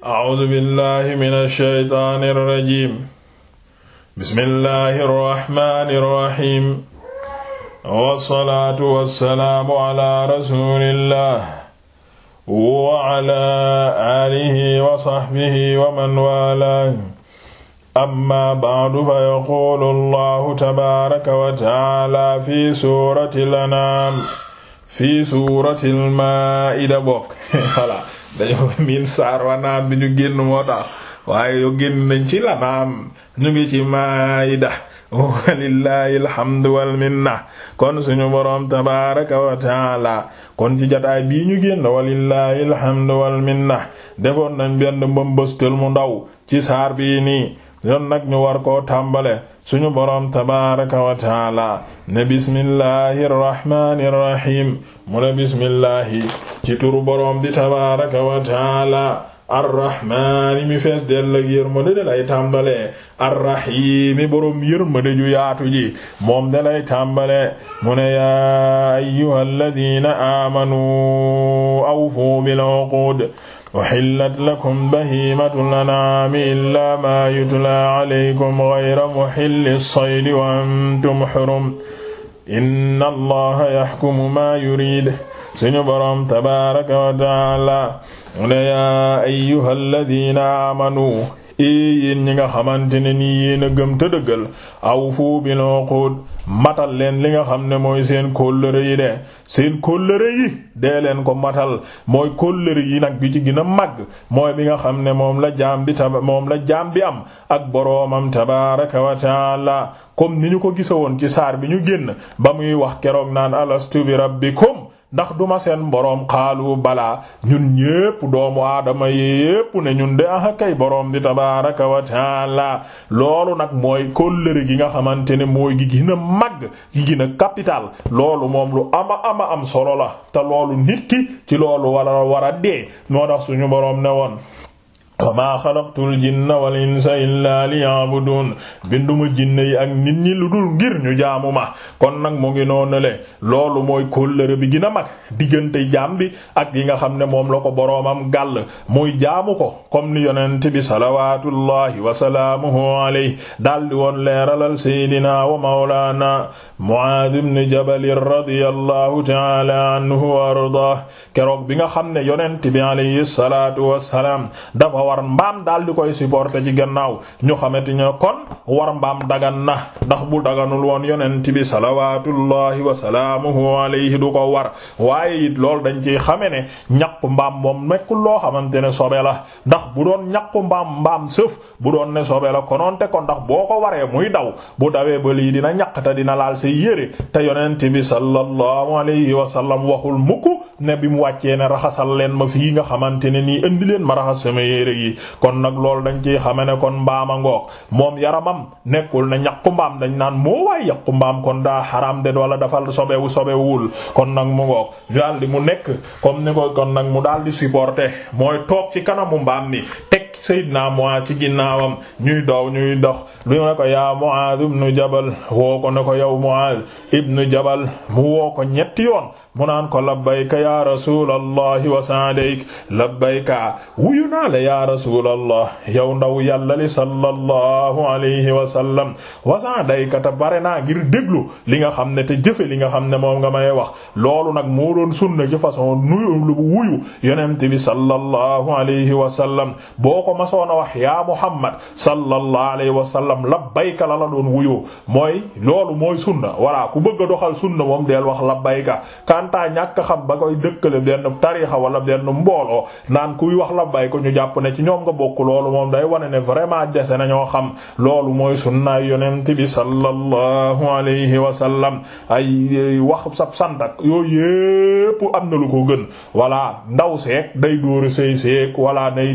A'uuzu billaahi mina shaytaani rajiim. Bismillaahi rahmaani rahiim. Wassalaatu wassalaamu alaa rasuulillaah wa alaa aalihi wa sahbihi wa man waalaah. Ammaa ba'du fa yaquulu Allaahu tabaaraka wa ta'aalaa fi suuratil An'aam fi suuratil Maa'ida bokk voilà. dañoo miin saar wa naam bi ñu génn moo tax waaye yoo génn ci la naam ñu ngi ci maayida walillahi alhamdu wal minna kon suñu boroom tabaaraka wa kon ci jataay bii ñu génn walillahi alhamdu wal minna defoon nañ benn mbambastal mu ndaw ci saar bii nii yoon nag ñu war koo tàmbale suñu boroom tabaraka wa taala ne bismillahi rrahmani rrahim mu ne bismillahi ci turu boroom di tabaraka wa taala mi fees dell de ju yaatu ji moom de lay tàmbalee mu ne yaa ayyuhal ladiina awfu bil uquud uxillat lakum bahimatul anaami illaa maa yutlaa alaykum gayra muxilli saydi wa antum xurum inna allaha yaxkumu maa yuriid suñu boroom tabaaraka wa taala ne yaa ayyuhal ladiina aamanuu ee yéen ñi nga xamante ne nii yéen a gëm te aw awfu bil uqud matal leen li nga xam ne mooy seen kóllëre yi de seen kóllëre yi de leen ko matal mooy kóllëre yi nag bi ci gën a màgg mooy bi nga xam ne moom la jaam bi moom la jaam bi am ak boroomam tabaaraka wa taala comme ni ñu ko gisawoon ci saar bi ñu génn ba muy wax keroog naan alastu bi rabbikum ndax duma seen boroom xaalu balaa ñun ñépp doomu aadama yépp ne ñun de ah boroom bi tabaaraka wa taala loolu nag mooy kóllëre gi nga xamante ne mooy gi gën a màgg gi gën a capital loolu moom lu ama ama am solo la te loolu nit ki ci loolu wala war a dee noo tax suñu boroom ne woon wa maa xalaqtul jinna wal insa illaa liya'buduun binduma jinne yi ak nit ñi lu dul ngir ñu jamu ma kon nag mu ngi noonu le loolu mooy kóllëre bi gën a mag diggante jaam ak yi nga xam ne moom la ko boroomam gàll muy jaamu ko comme ni yonent bi salawaatullahi wa salaamuhu alayhi daldi woon leeralal seydinaa wa mawlaana Muaad ibn Jabal radiyallahu ta'ala anhu ardaah keroog bi nga xam ne yonent bi alayhi salaatu wa salaam war mbaam daal di koy supporter ci gannaaw ñu xamante ne kon war mbaam dagan na ndax bu daganul woon yonent bi salawaatullahi wa salaamuhu alayhi du ko war waaye it loolu dañ ciy xame ne ñaqu mbaam moom nekkul loo xamante ne sobe la ndax bu doon ñaqu mbaam mbaam sëf bu doon ne sobe la kononte kon ndax boo ko waree muy daw bu dawee ba lii dina ñaq te dina laal say yére te yonent bi sallallahu alayhi wa sallam waxul mukk ne bi wàccee ne raxasal leen ma yi kon nag loolu dañ ciy xame ne kon a ngoog moom yaramam nekkul ne ñaqu mbaam dañ naan moo waay yaqu mbaam kon daa xaraam de wala dafa sobewu sobewul kon nag mu ngoog daal di mu nekk comme ni ko kon nag mu daal di supporter mooy toog ci kanamu mbaam mi Seydina Muaaz ci ginnaawam ñuy daw ñuy dox du ne ko yaa Muaaz ibnu Jabal woo ko ne ko yow Muaaz ibnu Jabal mu woo ko ñetti yoon mu naan ko labbayka yaa rasuulallahi wa sa'dayk labbayka wuyu naa la yaa rasuulallah yow ndaw yàlla li sallallahu alayhi wa sallam wa sa'dayka te bare naa ngir déglu li nga xam ne te jëfe li nga xam ne moom nga may wax loolu nag moo doon sunna ci façon nuyu lu wuyu yonent bi sallallahu alayhi wa sallam boo ko ko masoon a wax yaa Muhammad sallallahu alayhi wa sallam labbayka la la doon wuyoo mooy loolu mooy sunna voilà ku bëgg a doxal sunna moom deel wax labbayka kanta ñàkk xam ba koy dëkkale benn tariixa wala benn mbooloo naan kuy wax labbayka ñu jàpp ne ci ñoom nga bokk loolu moom day wane ne vraiment dese na ñoo xam loolu mooy sunna yonent bi sallallahu alayhi wa sallam ay wax sab santak yooyu yépp am na lu ko gën voilà ndaw seek day dóor sëy seek wala day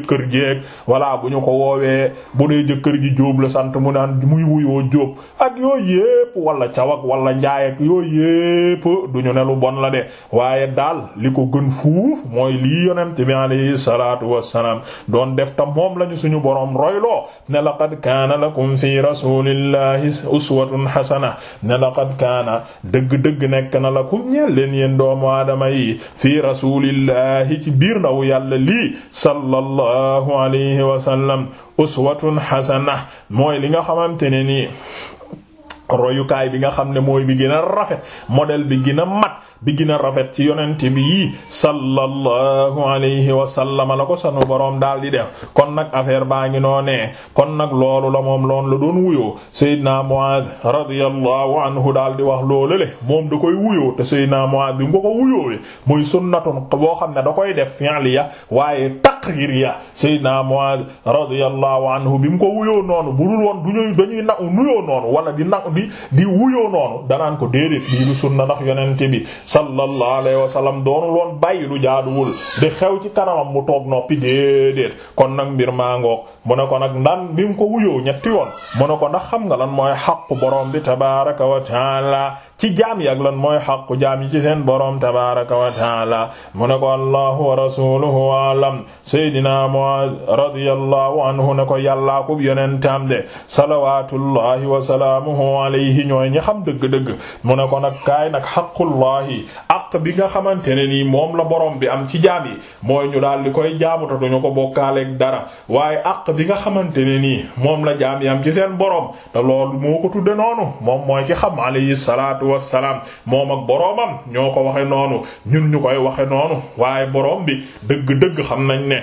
jëkkër jeeg voilà bu ñu ko woowee bu dee jëkkër ji jóob sant mu naan muy wuyoo jóob ak yoo yépp wala cawak walla njaay ak yooyu du ñu nelu lu bon la waaye daal li ko gën fuuf mooy lii yonent bi alayhi salaatu wassalaam doon def ta moom lañu suñu boroom royloo ne laqad kaana lakum fi rasulillahi uswatun hasana ne laqad kaana dëgg-dëgg nekk na lakum ñeel leen yéen doomu yi fi rasulillahi ci biir ndaw yàlla lii sallallahu alayhi wa sallam uswatun hasana mooy li nga xamante ne nii royukaay bi nga xam ne mooy bi gën a rafet modèle bi gën a mat bi gën a rafet ci yonent bi yii sallallahu alayhi wa sallam la ko sanu boroom daal di def kon nag affaire baa ngi noonee kon nag loolu la moom loon la doon wuyoo Seydina Muaad radiyallahu anhu daal di wax loolu le moom da koy wuyoo te Seydina Muaad bi nga ko wuyoowee muy sunnatun boo xam ne da koy def fi'liya waaye taqririya Seydina Muaad radiyallahu anhu bi mu ko wuyoo noonu bu dul woon du ñuy na bi di wuyoo noonu danaan ko déedéet lii lu sunna ndax yonente bi sallallahu alayhi wa sallam doonul woon bàyyi lu jaaduwul di xew kanamam mu toog noppi déedéet kon nag mbir maa ngoog mu ne ko nag ndaan bi ko wuyoo ñetti yoon mu ne ko ndax xam nga lan mooy xaqu boroom bi tabaraka wa taala ci jaam yi ak mooy xaqu jaam yi ci seen boroom tabaraka wa taala mu ne ko allahu wa rasuluhu alam seydina Muaz radiyallahu anhu ne ko yàllaa ko yonentam de salawatullahi alayhi ñooy ñi xam dëgg-dëgg mu ne ko nag kaay nag xaqullahi aq bi nga xamante ne nii moom la borom bi am ci jaam yi mooy ñu daal di koy jaamuta duñu ko bokkaaleeg dara waaye aq bi nga xamante ne nii moom la jaam yi am ci seen borom te loolu moo ko tudde noonu moom mooy ki xam alayhi salaatu wassalaam moom ak boromam ñoo ko waxe noonu ñun ñu koy waxe noonu waaye borom bi dëgg-dëgg xam nañ ne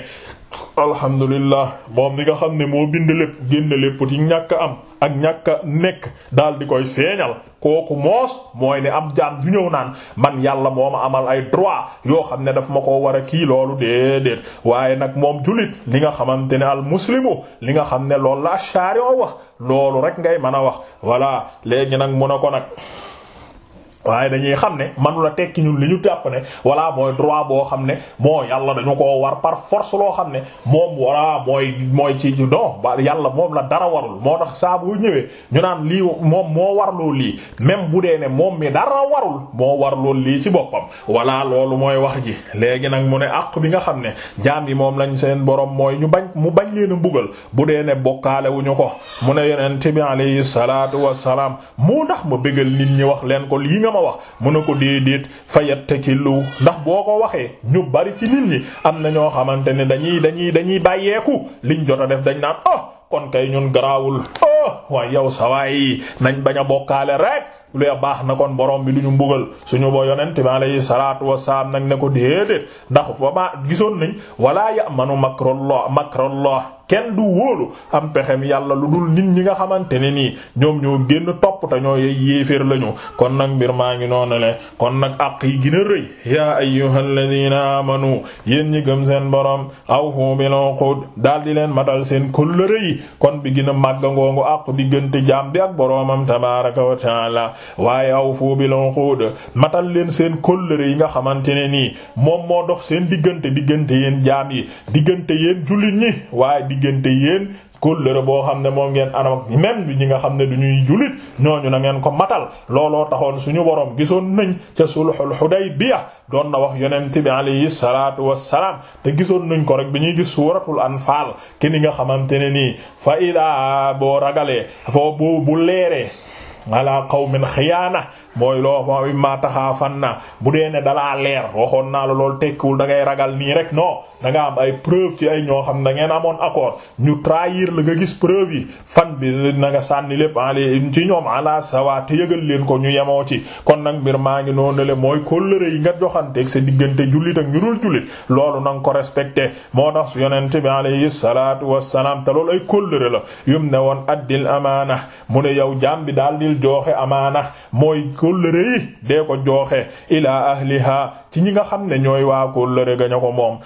alhamdulillah moom mi nga xam ne moo bind lépp génn lépp ci ñàkk am ak ñàkk nekk daal di koy feeñal kooku moos mooy ne am jaam du ñëw naan man yàlla moom ma amal ay droit yoo xam ne daf ma ko war a kii loolu déedéet waaye nag moom julit li nga xamante ne al muslimu li nga xam ne loolu la asharion wax loolu rek ngay mën a wax voilà léegi nag mun a ko nag waaye dañuy xam ne manu la tekki ñun li ñu jàpp ne voilà mooy droit boo xam ne moo yàlla dañu koo war par force loo xam ne moom voilà mooy mooy ci non ba yàlla moom la dara warul moo tax saa ñëwee ñu naan lii moom moo warloo lii même bu dee ne moom mi dara warul moo war warloo lii ci boppam voilà loolu mooy wax ji léegi nag mu ne àq bi nga xam ne jaam yi moom lañ seen borom mooy ñu bañ mu bañ bañ leen mbugal bu dee ne bokkaale wu ñu ko mu ne yonent bi alayhi salaatu wassalaam moo tax ma bégal nit ñi wax leen ko lii nga ma wax mu ne ko déedéet fayattakilu ndax boo ko waxee ñu bari ci nit ñi am na ñoo xamante ne dañuy dañuy dañuy bàyyeeku liñ jot def dañ naan ah kon kay ñun garaawul oh waaye yow sawaay yi nañ bañ a bokkaale rek lu ya baax na kon borom bi du ñu mbugal suñu bo yonent bi alayhi salaatu wasalaam nag ne ko déedéet ndax fa ma gisoon nañ wala ya'manu makrallah makrallah kenn du wóolu am pexem yàlla lu dul nit ñi nga xamante ne nii ñoom ñoo génn topp te ñoo yéeféer lañu kon nag mbir maa ngi noonu le kon nag àq yi gën a rëy yaa ayyuhal ladina amanu yéen ñi gëm seen borom awfu bil uqud daal di leen matal seen kóllëre àqu diggante jaam bi ak boroomam tabaaraka wa taala waaye aw awfu bil uqud matal leen seen kóllëre yi nga xamante ne nii moom moo dox seen diggante diggante yéen jaam yi diggante yéen jullit ñi waaye diggante yéen kóllëre boo xam ne moom ngeen anam ak même bi ñi nga xam ne du ñuy jullit ñooñu na ngeen ko matal looloo taxoon suñu borom gisoon nañ ca sulhul Hudaybiya doon na wax yonent bi alayhi salaatu wassalaam te gisoon nañ ko rek bi ñuy gis suuratul Anfaal ki ni nga xamante ne nii fa idaa boo ragalee foo bu bu leeree ala qawmin xiyaana mooy loo ma taxaa fan na bu dee ne dalaa leer waxoon naa la lool tekkiwul da ngay ragal nii rek noo da am ay preuve ci ay ñoo xam ne da amoon accord ñu trahir la nga gis preuve yi fan bi na nga sànni lépp en ci ñoom ala sawaat te yëgal leen ko ñu yemoo ci kon nag mbir maa ngi noonu le mooy kóllëre yi nga joxanteeg sa diggante jullit ak ñu dul jullit loolu na ko respecté moo tax yonent bi alayhi salaatu wassalaam te loolu ay kóllëre la yum ne woon addil amaana mu ne yow jaam bi daal dil jooxe amaana mooy kóllëre yi dee ko jooxe ilaa ci ñi nga xam ne ñooy waa gaña ko moom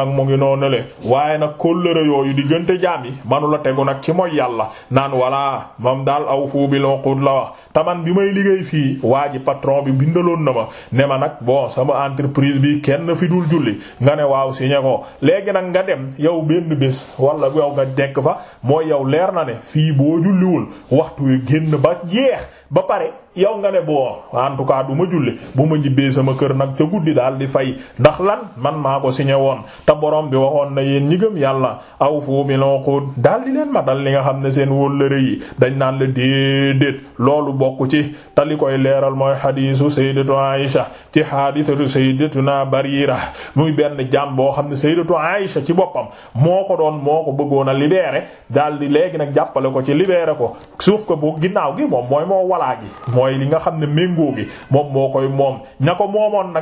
nag mu ngi noonu le waaye nag kóllëre yooyu diggante jaam yi manu la tegu nag ci mooy yàlla naan voilà moom daal aw fu bil la wax taman bi may liggéey fii waa ji patron bi bindaloon na ma ne ma nag boo sama entreprise bi kenn fi dul julli nga ne waaw signé ko léegi nag nga dem yow benn bés wala yow nga dekk fa mooy yow leer na ne fii boo julliwul waxtu wi génn ba jeex ba pare yow nga ne boo en tout cas du ma julli bu ma jibbee sama kër nag ca guddi daal di fay ndax lan man maa ko signé woon te borom bi waxoon na yéen ñi gëm yàlla awfu bil uqud daal di leen matal li nga xam ne seen wóllëre yi dañ naan la déedéet loolu bokk ci te koy leeral mooy xadiisu sayyidatu Aisha ci xaadisatu sayyidatuna Barira muy benn jàmm boo xam ne sayyidatu Aisha ci boppam moo ko doon moo ko bëggoon a libérer daal di léegi nag jàppale ko ci libeere ko suuf ko bu ginnaaw gi moom mooy moo walaa gi mooy li nga xam ne méngoo gi moom moo koy moom ña ko moomoon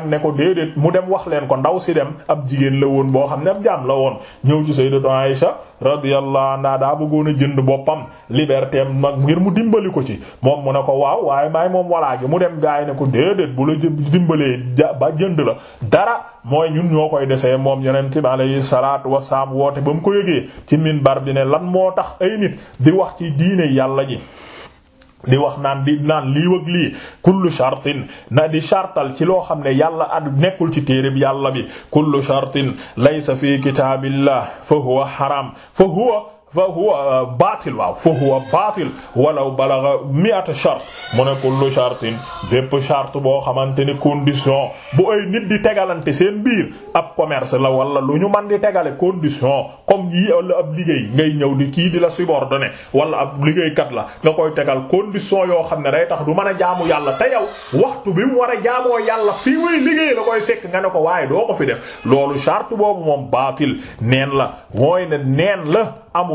boo xam ne ab jaam la woon ñëw ci sayyidatu Aisha radiyallahu naa daa bëggoon a jënd boppam liberté am nag ngir mu dimbali ko ci moom mu ne ko waaw waaye maay moom walaa gi mu dem gaay ne ko déedéet bu la dimbalee ja ba jënd la dara mooy ñun ñoo koy desee moom yeneen bi alayhi salaatu wasalaam woote ba mu ko yëgee ci miin bar bi ne lan moo tax ay nit di wax ci diine yàlla ji di wax naan di naan lii wëg lii kullu shartin na di shartal ci loo xam ne yàlla ad nekkul ci bi yàlla bi kullu shartin laysa fi kitaabillah fa huwa haram fa huwa fa huwa euh, baatil waaw fa huwa baatil walaw balagha mi'ata shart mu ne kullu shartin bépp shart boo xamante ni condition bu ay nit di tegalante seen biir ab commerce la wala lu ñu man di tegale condition comme yii wala ab liggéey ngay ñëw di kii di la subordonné wala ab liggéeykat la nga koy tegal condition yoo xam ne day tax du mën a jaamu yàlla te yaw waxtu bi mu war jaamoo yàlla fi muy liggéey la koy fekk nga ne ko waaye doo ko fi def loolu shart boobu moom baatil neen la la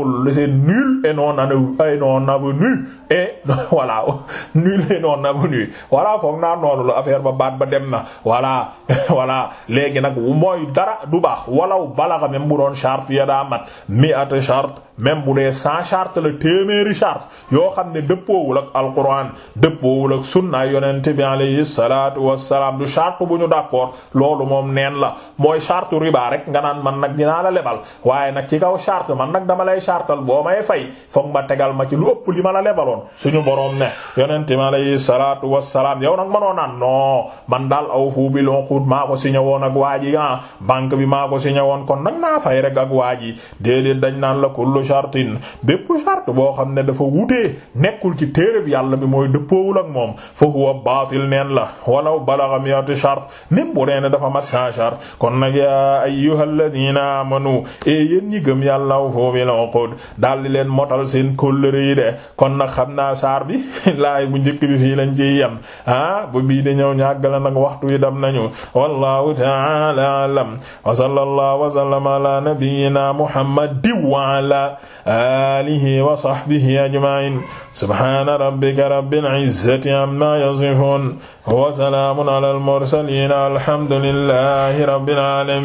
amul c'est nul et non avenu et non avenu et voilà nul et non avenu voilà foog naa noonu la affaire ba baat ba dem na voilà voilà léegi nag moy dara du baax walaw balaxa même bu doon charte ya daa mat mi at charte même bu dee sans charte la téeméeri charte yoo xam ne dëppoowul ak alquran dëppoowul ak sunna yonent bi alayhi salaatu wassalaam du charte bu ñu d'accord loolu moom neen la mooy charte riba rek nga naan man nag dinaa la lebal waaye nag ci kaw charte man nag dama lay sartal boo may fay foog ma tegal ma ci lu ëpp li ma la lebaloon suñu boroom ne yonente mi alayhi salaatu wassalaam yow nag mënoo naan non man daal aw fu bi lonquut maa ko signé woon ak waa ji ah bi maa ko signé woon kon nag naa fay rek ak waa ji déedéet dañ naan la kullu shartin bépp charte boo xam ne dafa wutee nekkul ci téere bi yàlla bi mooy dëppoowul ak moom fa huwa baatil neen la walaw balagha mi'ata shart même bu reene dafa mat cent shart kon nag yaa ayyuhal ladina amanu e Daawud daal di leen motal seen kóllëre yi de kon nag xam naa saar bi laay bu njëkk bi fii lañ ciy yem ah bu bii di ñëw ñàggala nag waxtu yi dam nañu wallahu ta'ala alam wa sallallahu wa sallama ala nabiyyina muhammadin wa ala alihi wa sahbihi ajma'in subhana rabbika rabbil izzati amma yasifun wa salamun ala al mursalin alhamdulillahi rabbil alamin